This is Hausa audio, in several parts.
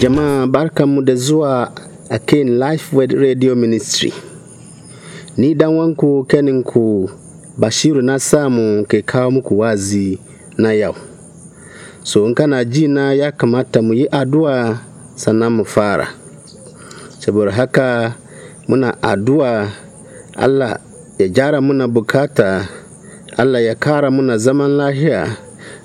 Jama'a mu da zuwa a kan life Radio Ministry. Ni dan wanku ku Bashiru na samu ke kawo muku wazi na yau. So in kana ji na ya kamata mu yi addu'a sannan mu fara. Saboda haka muna addu'a Allah ya jara muna bukata, Allah ya kara muna zaman lahiya.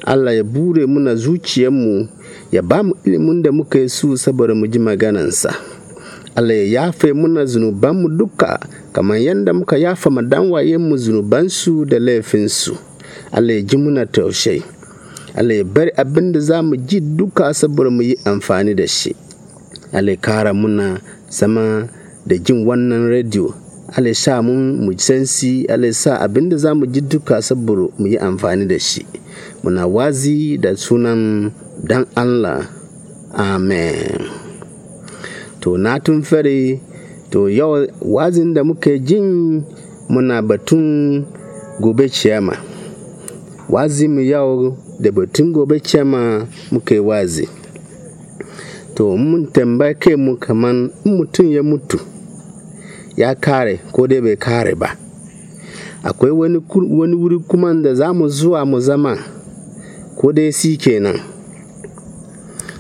Allah ya bure muna zuciyarmu ya ba mu ilimin da muka yi su saboda mu ji maganansa. Allah ya yafe muna zunubanmu duka kamar yadda muka yafa mu zunubansu da laifinsu. Allah ya ji muna taushe. Allah ya bari abin da za mu ji duka saboda mu yi amfani da shi. Allah ya kara muna sama da jin wannan rediyo Allah sa mun mu sansi Allah sa abin da za mu ji duka saboda mu yi amfani da shi muna wazi da sunan dan Allah amen to na tun fere to yau wazin da muke jin muna batun gobe ciyama wazi mu yau da batun gobe ciyama muke wazi to mun tambaye mu kaman in mutum ya mutu ya kare ko dai bai kare ba akwai wani wuri kuma da zamu zuwa mu zama ko dai si kenan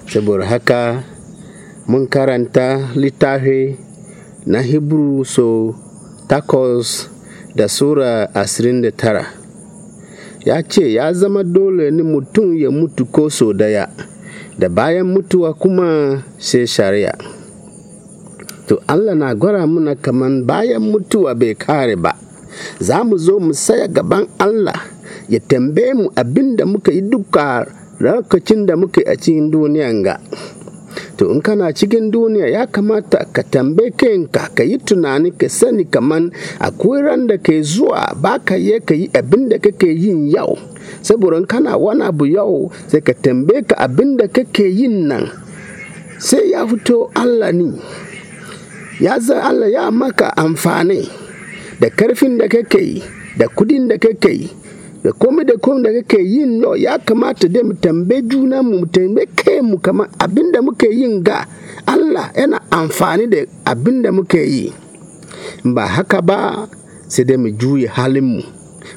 saboda haka mun karanta littafi na hebrew so takos da sura 29 da tara ya ce ya zama dole ne mutum ya mutu ko so daya da bayan mutuwa kuma sai shari'a to allah na gwara muna kaman bayan mutuwa bai kare ba za mu zo mu saya gaban allah ya tambaye mu abin da muka yi duka rakacin da muka yi a cikin duniyan ga to in kana cikin duniya ya kamata ka tambaye kanka ka yi tunani ka sani kaman akwai ran da ke zuwa ba ka yi ka yi abin da kake yin yau saboda kana wani abu yau sai ka tambaye ka abin da kake yin nan sai ya fito allah ne ya za allah ya maka amfani da karfin da kake yi da kudin da kake yi da komai da komai da kake yin no ya kamata dai mu tambaye juna mu tambaye kai mu kamar abin da muke yin ga Allah yana amfani da abin da muke yi ba haka ba sai dai mu juye halin mu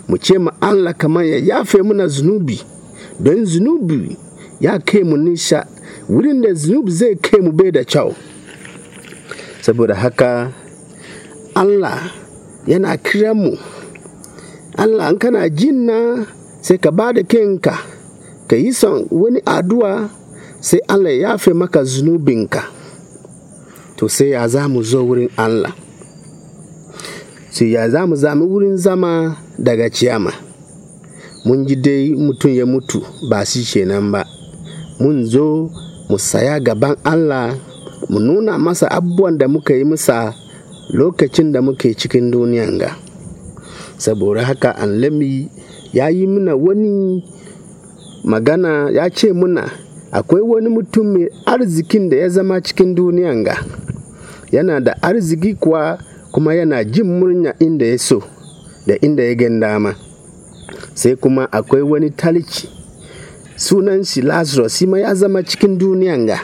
mu ce ma Allah kamar ya yafe muna zunubi don zunubi ya kai mu nisha wurin da zunubi zai kai mu bai da kyau saboda haka Allah yana kiran mu Allah in kana jin na sai ka ba da kanka ka yi son wani addu'a sai Allah ya yafe maka zunubinka to sai ya za mu zo wurin Allah sai ya za mu zami wurin zama daga ciyama mun ji dai mutum ya mutu ba shi kenan ba mun zo mu saya gaban Allah mu nuna masa abubuwan da muka yi musa lokacin da muke cikin duniyan ga. saboda haka lami ya yi muna wani magana ya ce muna akwai wani mutum mai arzikin da ya zama cikin duniyan ga yana da arziki kuwa kuma yana jin murya inda ya so da inda ya gan dama sai kuma akwai wani talici sunan shi lazarus shi ma ya zama cikin duniyan ga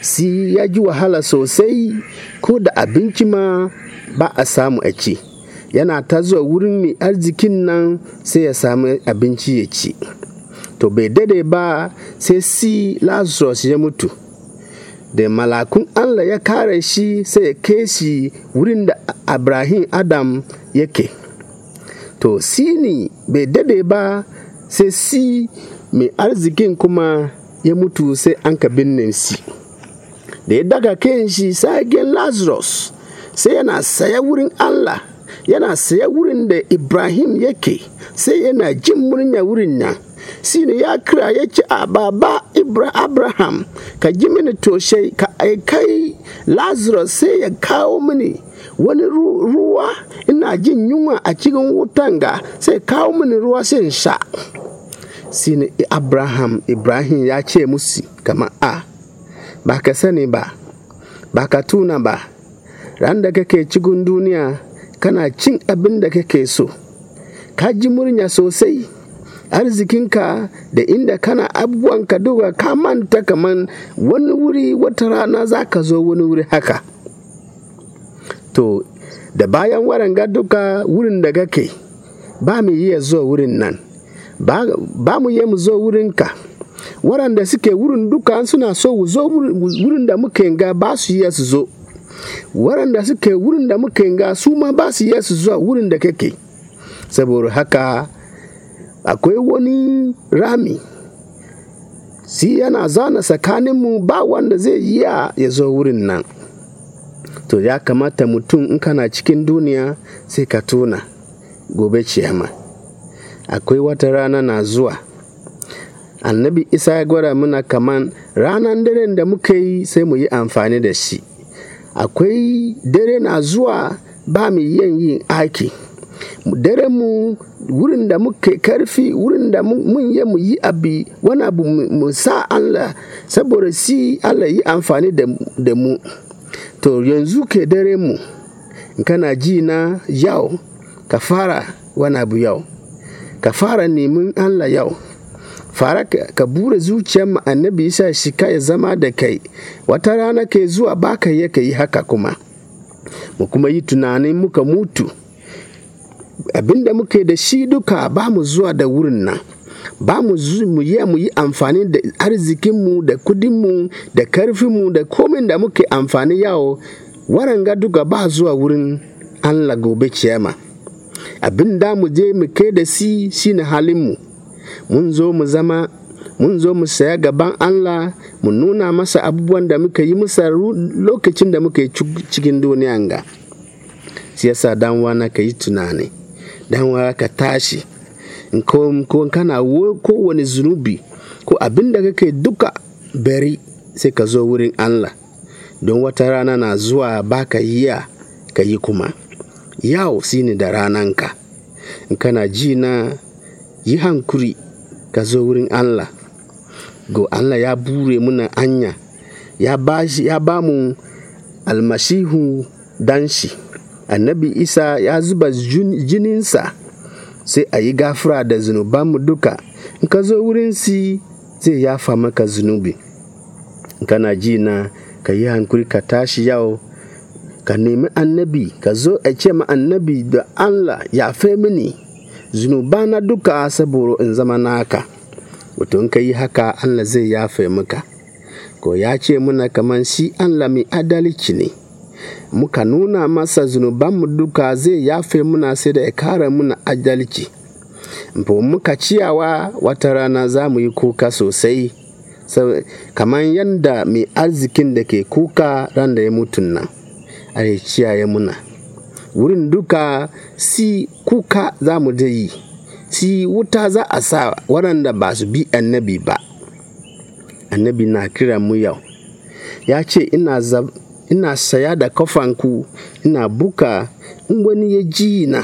si ya ji wahala sosai ko da abinci ma ba a samu a ce yana ta zuwa wurin mai arzikin nan sai ya samu abinci ya ci to bai dade ba sai si lazarus ya mutu da malakun allah ya kare shi sai ya kai shi wurin da abrahim adam yake to sini bai dade ba sai si mai arzikin kuma ya mutu sai an ka binne si da ya daga kan shi sai lazarus sai yana saya wurin allah yana saya wurin da Ibrahim yake sai yana jin murya wurin nan shine ya kira ya ce a baba Abraham ka ji mini toshe ka aikai Lazarus sai ya kawo mini wani ruwa ina jin yunwa a cikin wutan ga sai kawo mini ruwa sai sha shine Abraham Ibrahim ya ce musu kama a ba ka sani ba ba ka tuna ba ran da kake cikin duniya kana cin abin da kake so ka ji murya sosai arzikinka da inda kana abubuwanka duka ka manta kaman wani wuri wata rana za ka zo wani wuri haka to da bayan waranga duka wurin da kake ba mu iya zo wurin nan ba mu iya mu zo wurinka waranda suke wurin duka suna so zo wurin da muke ga ba su iya su zo waɗanda suke wurin da muka ga su ma ba su iya zuwa wurin da kake saboda haka akwai wani rami si yana zana tsakaninmu ba wanda zai a ya zo wurin nan to ya kamata mutum in kana cikin duniya sai ka tuna gobe ciyama akwai wata rana na zuwa annabi isa ya gwada muna kaman ranan daren da muka yi sai mu yi amfani da shi akwai dare na zuwa ba mu yin yin aiki dare mu wurin da muke karfi wurin da mun yi mu yi abi wani abu mu sa Allah saboda si Allah yi amfani da mu to yanzu ke dare mu kana ji na yau ka fara wani abu yau ka fara neman Allah yau fara ka bure zuciyar annabi isa shi ka ya zama da kai wata rana ka zuwa baka ya ka yi haka kuma mu kuma yi tunanin muka mutu abinda muka yi da shi duka ba mu zuwa da wurin nan ba mu yi mu yi amfani da arzikinmu da kudinmu da karfinmu da komin da muke amfani yawo waranga duka ba zuwa wurin allah gobe ciyama abin da mu je mu kai da si shine halinmu mun zo mu zama mun zo mu saya gaban Allah mu nuna masa abubuwan da muka yi masa lokacin da muka yi cikin duniyan ga siyasa danwa na ka yi tunani danwa ka tashi ko kana kowane zunubi ko abin da kake duka bari sai ka zo wurin Allah don wata rana na zuwa baka yiya ka yi kuma yau shine da ka in kana ji na yi hankuri ka zo wurin Allah. Go Allah ya bure muna anya, ya ba mu almasihu danshi. Annabi Isa ya zuba jininsa sai a yi gafura da zunubanmu duka, in ka zo wurin si zai yafa maka zunubi. Kana ji na ka yi hankuri ka tashi yau ka nemi annabi ka zo a ce ma annabi da Allah ya fe mini na duka saboda in zama naka mutum ka yi haka Allah zai yafe muka ko ya ce muna kamar shi Allah mai adalci ne muka nuna masa zunuban mu duka zai yafe muna sai da ya kara muna adalci ba muka ciyawa wata rana za mu yi kuka sosai kamar yadda mai arzikin da ke kuka ran da ya mutun nan a ciyaye muna wurin duka si kuka za mu je yi si wuta za a sa waɗanda ba su bi annabi ba annabi na kira mu yau ya ce ina saya da kafanku ina buka in wani ya ji na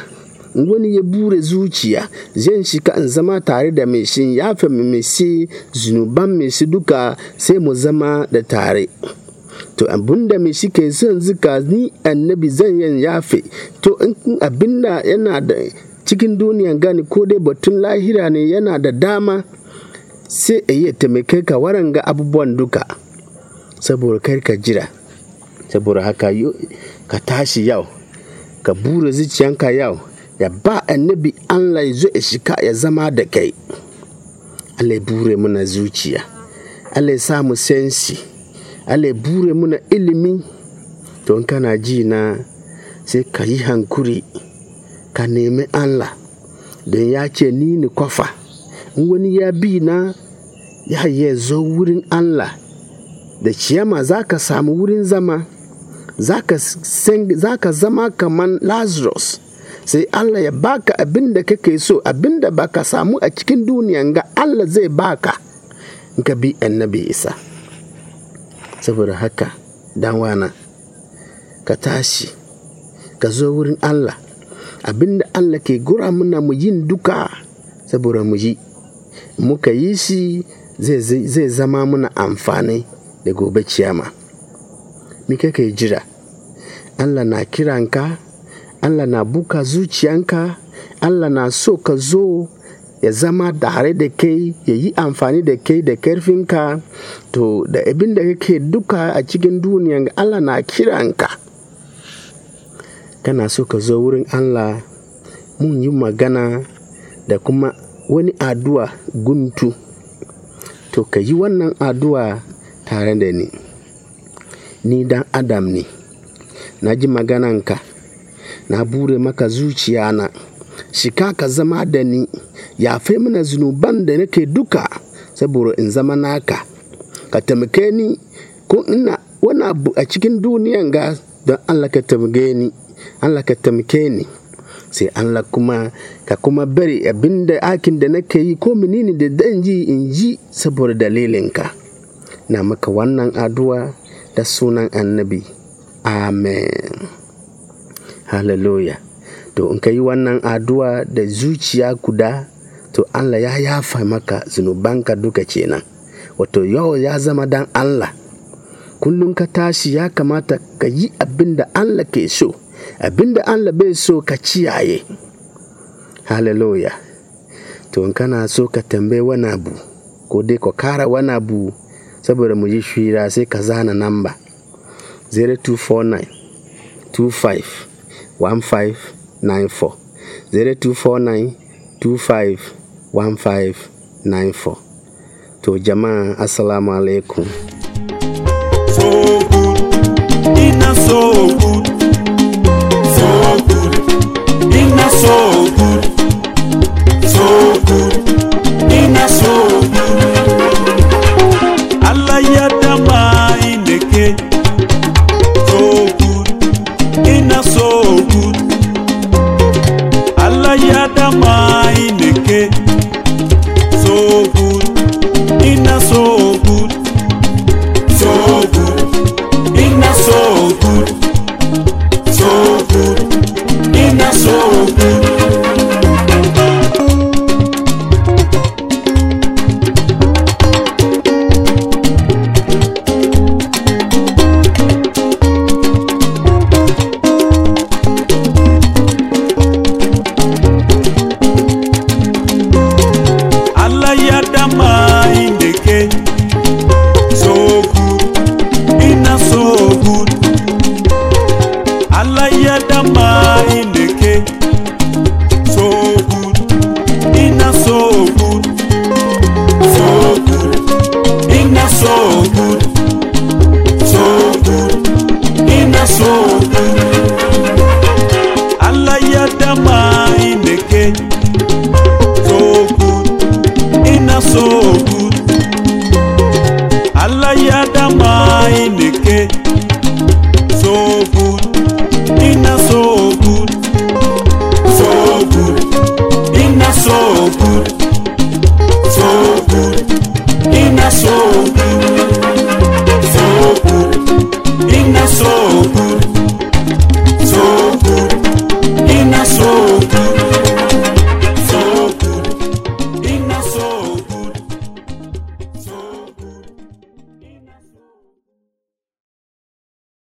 in wani ya bure zuciya zan shika in zama tare da mai shin fi mai shi zunuban mai shi duka sai mu zama da tare to abinda mai shi ke son zuka ni annabi zan yan yafe to in abinda yana da cikin duniya gani ko dai batun lahira ne yana da dama sai a iya taimake ka waran ga abubuwan duka saboda kai ka jira saboda haka ka tashi yau ka bura zuciyanka yau ya ba annabi Allah ya zo ya shika ya zama da kai Allah ya bure mana zuciya Allah ya samu sensi Allah bure muna ilimi to kana ji na sai ka yi hankuri ka nemi Allah don ya ce ni ni kwafa in wani ya bi na ya yi zo wurin Allah da ciyama za ka samu wurin zama za ka zama kaman Lazarus sai Allah ya baka abin da kake so abin da ka samu a cikin duniyan ga Allah zai baka ka bi annabi Isa. saboda haka danwana ka tashi ka zo wurin Allah abinda Allah ke gura muna mu yin duka saboda mu yi muka yi shi zai zama muna amfani da gobe ciyama mi ka jira Allah na kiranka Allah na buka zuciyanka Allah na so ka zo ya zama tare da kai ya yi amfani da kai da karfinka to da abin da kake duka a cikin duniyan Allah na kiranka kana so ka zo wurin Allah mun yi magana da kuma wani addu'a guntu to ka yi wannan addu'a tare da ni ni dan adam ne na ji magananka na bure maka zuciya na shika ka zama da ni yafe mana zunuban da nake duka saboda in zama naka ka taimake ni ko ina wani abu a cikin duniyan ga don Allah ka taimake ni Allah ka taimake ni sai Allah kuma ka kuma bari abinda akin da nake yi ko menene da dan ji in ji saboda dalilinka na maka wannan addu'a da sunan annabi amen hallelujah To in ka yi wannan addu'a da zuciya guda, to Allah ya yafa maka zunubanka duka kenan. Wato yau ya zama dan Allah. Kullum ka tashi ya kamata ka yi abin da Allah ke so, abin da Allah bai so ka ciyaye. Hallelujah. To in kana so ka tambayi wani abu, ko dai ka kara wani abu saboda mu yi shira sai ka zana namba 0249 25 15 94 0249 to jama'a assalamu alaikum so good ina so good so good ina so good so good ina so good Allah ya dama ineke